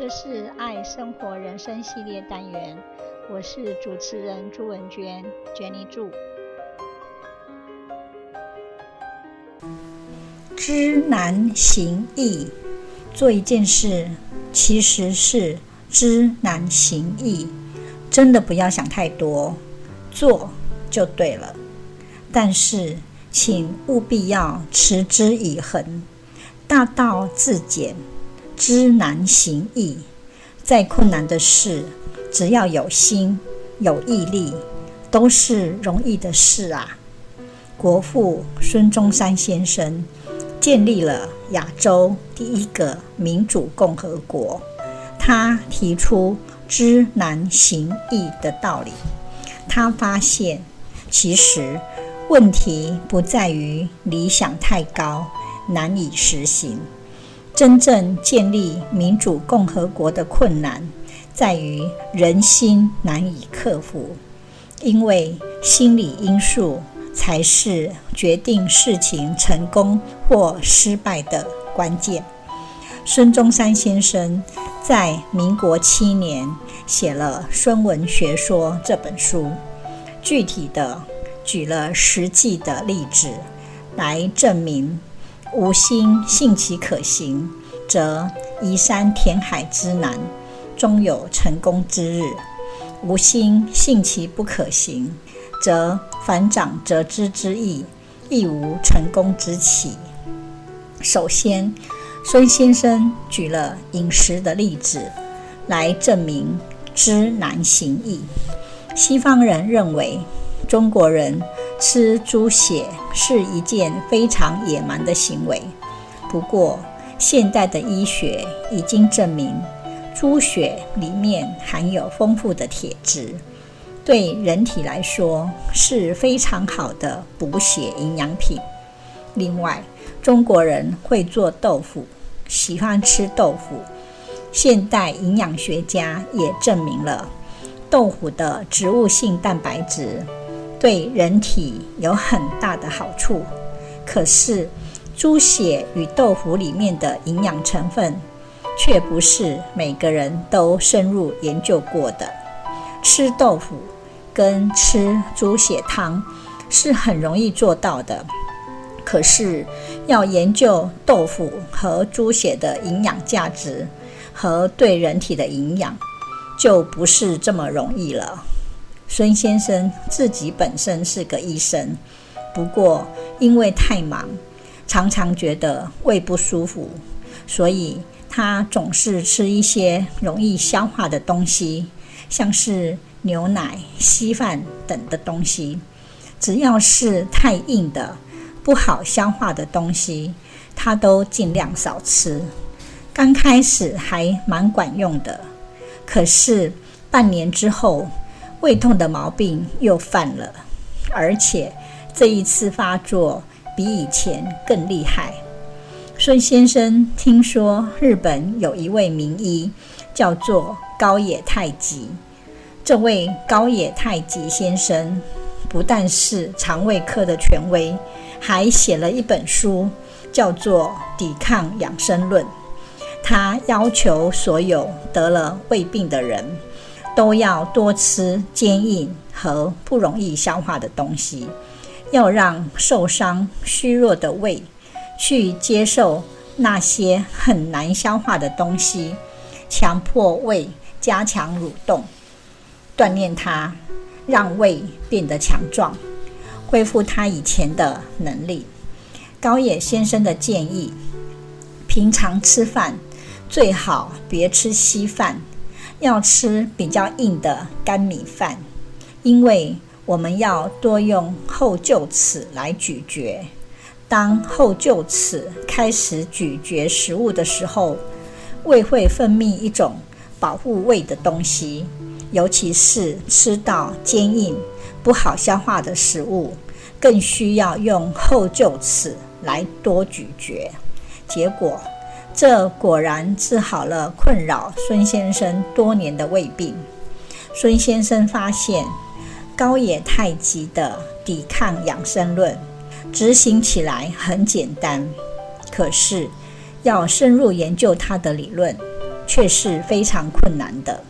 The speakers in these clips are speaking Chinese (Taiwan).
這是愛生活人生系列單元，我是主持人朱文娟。娟妮住。知難行易，做一件事其實是知難行易，真的不要想太多，做就對了。但是，請務必要持之以恆，大道至簡。知難行易，再困難的事，只要有心、有毅力，都是容易的事啊！國父孫中山先生建立了亞洲第一個民主共和國，他提出知難行易的道理。他發現，其實問題不在於理想太高，難以實行。真正建立民主共和國的困難，在於人心難以克服，因為心理因素才是決定事情成功或失敗的關鍵。孫中山先生在民國七年寫了《孫文學說》這本書，具體的舉了實際的例子來證明。吾心信其可行，則移山填海之難，終有成功之日；吾心信其不可行，則反掌折枝之易，亦無成功之期。首先，孫先生舉了飲食的例子，來證明知難行易。西方人認為，中國人。吃豬血是一件非常野蠻的行為，不過現代的醫學已經證明，豬血裡面含有豐富的鐵質，對人體來說是非常好的補血營養品。另外，中國人會做豆腐，喜歡吃豆腐。現代營養學家也證明了，豆腐的植物性蛋白質。對人體有很大的好處，可是豬血與豆腐裡面的營養成分卻不是每個人都深入研究過的。吃豆腐跟吃豬血湯是很容易做到的，可是要研究豆腐和豬血的營養價值和對人體的營養就不是這麼容易了。孫先生自己本身是個醫生，不過因為太忙，常常覺得胃不舒服，所以他總是吃一些容易消化的東西，像是牛奶、稀飯等的東西。只要是太硬的、不好消化的東西，他都儘量少吃。剛開始還蠻管用的，可是半年之後，胃痛的毛病又犯了，而且這一次發作比以前更厲害。孫先生聽說日本有一位名醫，叫做高野太吉。這位高野太吉先生，不但是腸胃科的權威，還寫了一本書，叫做《抵抗養生論》。他要求所有得了胃病的人，都要多吃堅硬和不容易消化的東西，要讓受傷虛弱的胃去接受那些很難消化的東西，強迫胃加強蠕動，鍛鍊它，讓胃變得強壯，恢復它以前的能力。高野先生的建議：平常吃飯最好別吃稀飯。要吃比較硬的乾米飯，因為我們要多用後臼齒來咀嚼。當後臼齒開始咀嚼食物的時候，胃會分泌一種保護胃的東西，尤其是吃到堅硬、不好消化的食物，更需要用後臼齒來多咀嚼。結果，這果然治好了困擾孫先生多年的胃病。孫先生發現，高野太吉的抵抗養生論執行起來很簡單，可是要深入研究他的理論，却是非常困難的。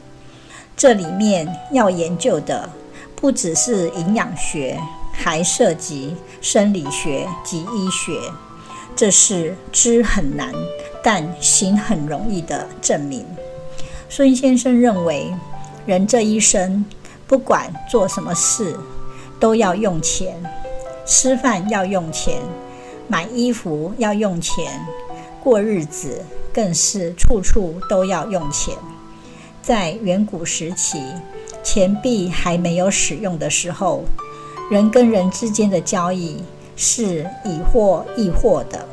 這裡面要研究的不只是營養學，還涉及生理學及醫學，這是知很難。但行很容易的證明。孫先生認為，人這一生不管做什麼事，都要用錢；吃飯要用錢，買衣服要用錢，過日子更是處處都要用錢。在遠古時期，錢幣還沒有使用的時候，人跟人之間的交易是以貨易貨的。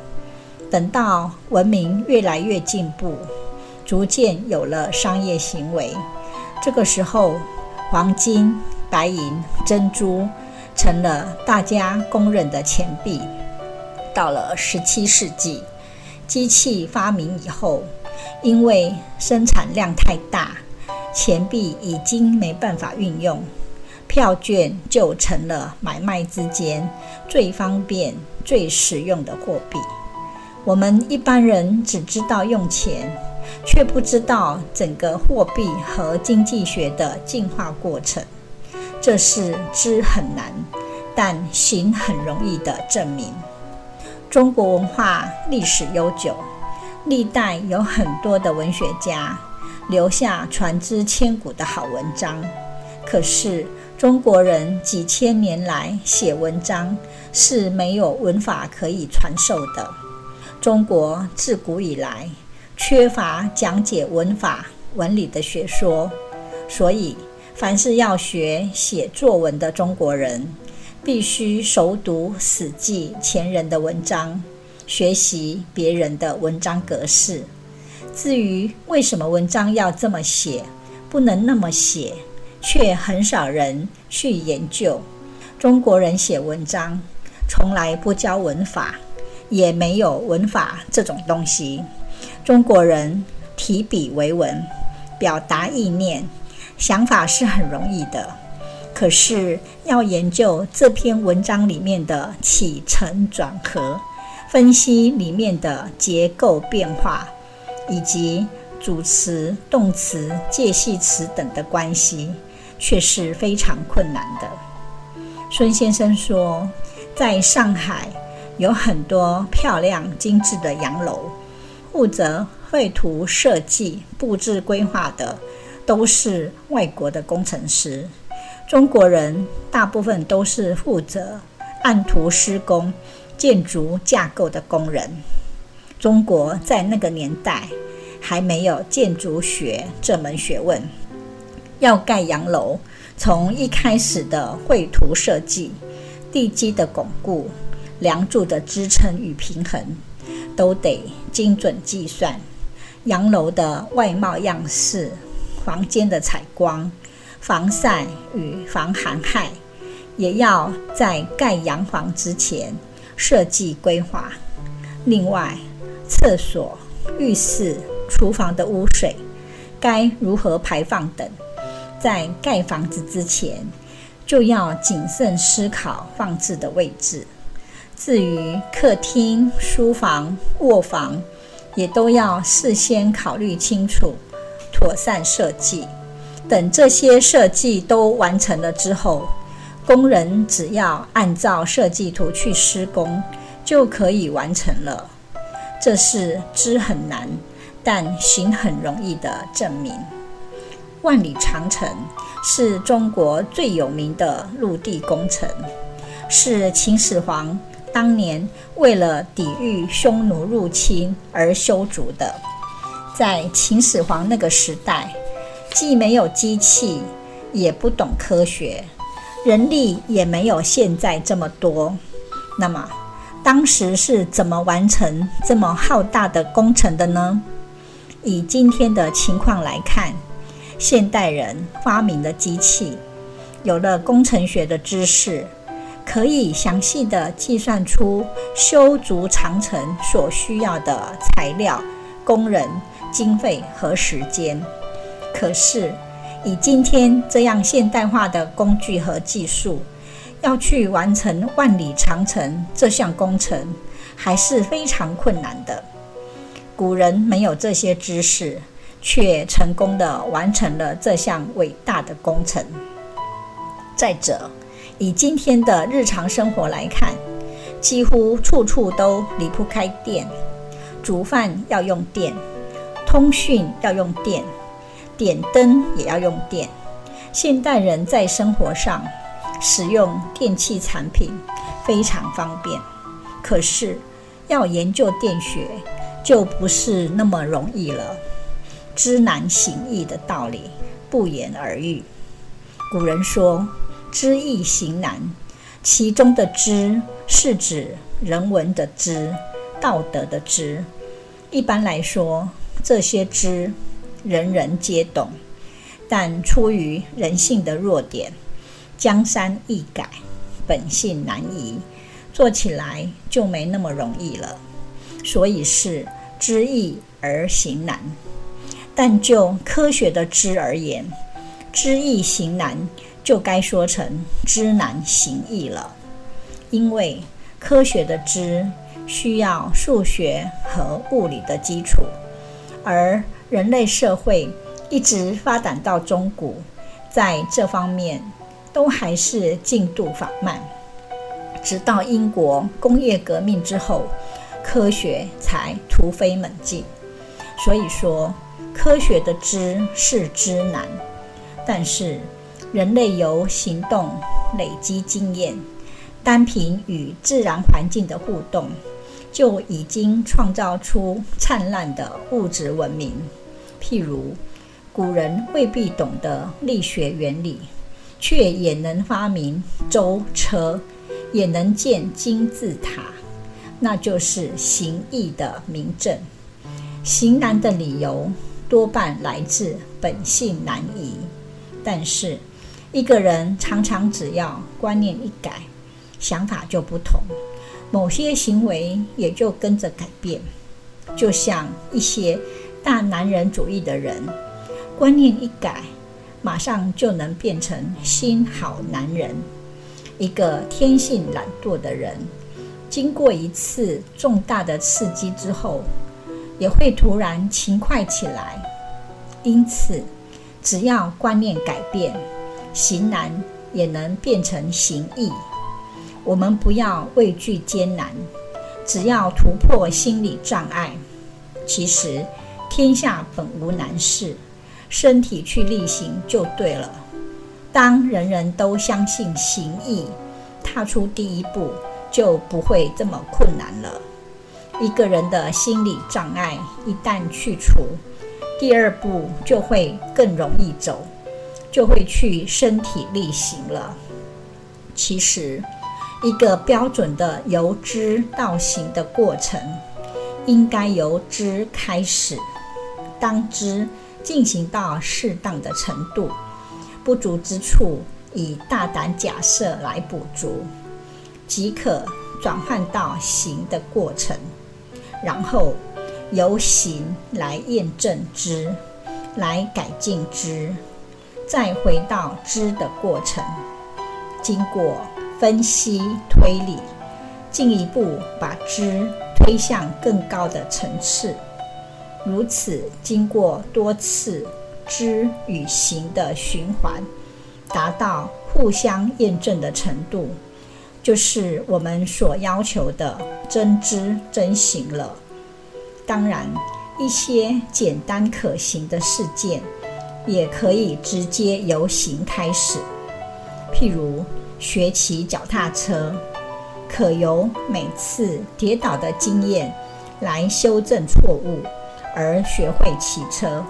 等到文明越來越進步，逐漸有了商業行為，這個時候，黃金、白銀、珍珠成了大家公認的錢幣。到了十七世紀，機器發明以後，因為生產量太大，錢幣已經沒辦法運用，票券就成了買賣之間最方便、最實用的貨幣。我們一般人只知道用錢，卻不知道整個貨幣和經濟學的進化過程。這是知很難，但行很容易的證明。中國文化歷史悠久，歷代有很多的文學家，留下傳之千古的好文章。可是中國人幾千年來寫文章，是沒有文法可以傳授的。中國自古以來，缺乏講解文法、文理的學說，所以凡是要學寫作文的中國人，必須熟讀死記前人的文章，學習別人的文章格式。至於為什麼文章要這麼寫，不能那麼寫，卻很少人去研究。中國人寫文章從來不教文法。也沒有文法這種東西。中國人提筆為文，表達意念、想法是很容易的。可是要研究這篇文章裡面的起承轉合，分析裡面的結構變化，以及主詞、動詞、介系詞等的關係，卻是非常困難的。孫先生說，在上海，有很多漂亮精緻的洋樓，負責繪圖設計、布置規劃的都是外國的工程師，中國人大部分都是負責按圖施工、建築架構的工人。中國在那個年代還沒有建築學這門學問，要蓋洋樓，從一開始的繪圖設計、地基的鞏固。樑柱的支撐與平衡都得精準計算，洋樓的外貌樣式、房間的採光、防曬與防寒害，也要在蓋洋房之前設計規劃。另外，廁所、浴室、廚房的污水該如何排放等，在蓋房子之前就要謹慎思考放置的位置。至於客廳、書房、臥房，也都要事先考慮清楚，妥善設計。等這些設計都完成了之後，工人只要按照設計圖去施工，就可以完成了。這是知很難，但行很容易的證明。萬里長城是中國最有名的陸地工程，是秦始皇。當年為了抵禦匈奴入侵而修築的，在秦始皇那個時代，既沒有機器，也不懂科學，人力也沒有現在這麼多。那麼，當時是怎麼完成這麼浩大的工程的呢？以今天的情況來看，現代人發明了機器，有了工程學的知識。可以詳細地計算出修築長城所需要的材料、工人、經費和時間。可是，以今天這樣現代化的工具和技術，要去完成萬里長城這項工程，還是非常困難的。古人沒有這些知識，卻成功地完成了這項偉大的工程。再者，以今天的日常生活來看，幾乎處處都離不開電，煮飯要用電，通訊要用電，點燈也要用電。現代人在生活上，使用電器產品，非常方便，可是要研究電學，就不是那麼容易了。知難行易的道理不言而喻。古人說：知易行難，其中的「知」是指人文的「知」、道德的「知」。一般來說，這些「知」人人皆懂，但出於人性的弱點，江山易改，本性難移，做起來就沒那麼容易了。所以是知易而行難。但就科學的「知」而言，知易行難。就該說成知難行易了，因為科學的知需要數學和物理的基礎，而人類社會一直發展到中古，在這方面都還是進度緩慢。直到英國工業革命之後，科學才突飛猛進。所以說，科學的知是知難，但是。人類由行動累積經驗，單憑與自然環境的互動，就已經創造出燦爛的物質文明。譬如，古人未必懂得力學原理，卻也能發明舟車，也能建金字塔。那就是行易的明證，行難的理由多半來自本性難移。但是。一個人常常只要觀念一改，想法就不同，某些行為也就跟着改變。就像一些大男人主義的人，觀念一改，馬上就能變成新好男人。一個天性懶惰的人，經過一次重大的刺激之後，也會突然勤快起來。因此，只要觀念改變，行難也能變成行易，我們不要畏懼艱難，只要突破心理障礙。其實天下本無難事，身體去力行就對了。當人人都相信行易，踏出第一步就不會這麼困難了。一個人的心理障礙一旦去除，第二步就會更容易走。就會去身體力行了。其實，一個標準的由知到行的過程，應該由知開始。當知進行到適當的程度，不足之處以大膽假設來補足，即可轉換到行的過程，然後由行來驗證知，來改進知。再回到知的過程，經過分析推理，進一步把知推向更高的層次。如此，經過多次知與行的循環，達到互相驗證的程度，就是我們所要求的真知真行了。當然，一些簡單可行的事件。也可以直接由行開始，譬如學騎腳踏車，可由每次跌倒的經驗來修正錯誤，而學會騎車。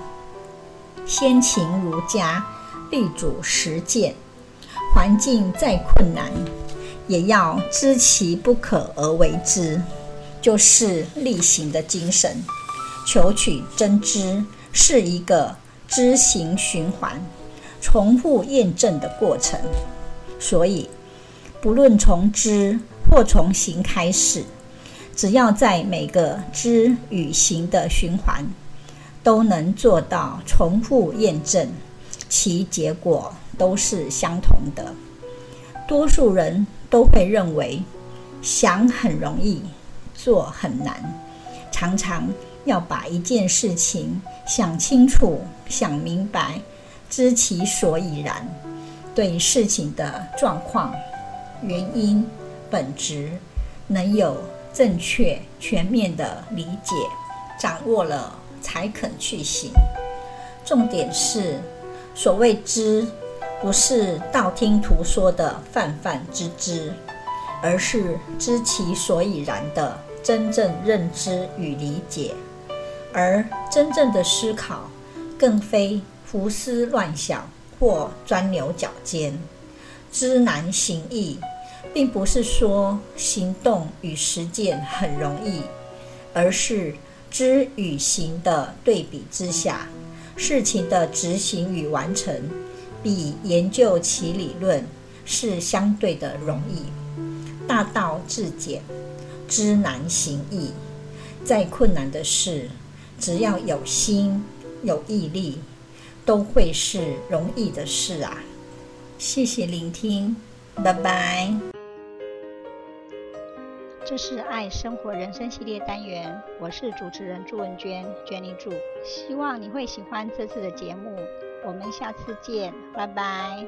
先秦儒家力主實踐，環境再困難，也要知其不可而為之，就是力行的精神。求取真知是一個。知行循環，重複驗證的過程。所以，不論從知或從行開始，只要在每個知與行的循環都能做到重複驗證，其結果都是相同的。多數人都會認為，想很容易，做很難，常常，要把一件事情想清楚、想明白，知其所以然，對事情的狀況、原因、本質，能有正確全面的理解，掌握了才肯去行。重點是，所謂知，不是道聽途說的泛泛之知，而是知其所以然的真正認知與理解。而真正的思考，更非胡思亂想或鑽牛角尖。知難行易，並不是說行動與實踐很容易，而是知與行的對比之下，事情的執行與完成，比研究其理論是相對的容易。大道至簡，知難行易。再困難的事，只要有心，有毅力，都會是容易的事啊！謝謝聆聽，拜拜。這是愛生活人生系列單元，我是主持人朱文娟，Jenny 朱，希望你會喜歡這次的節目，我們下次見，拜拜。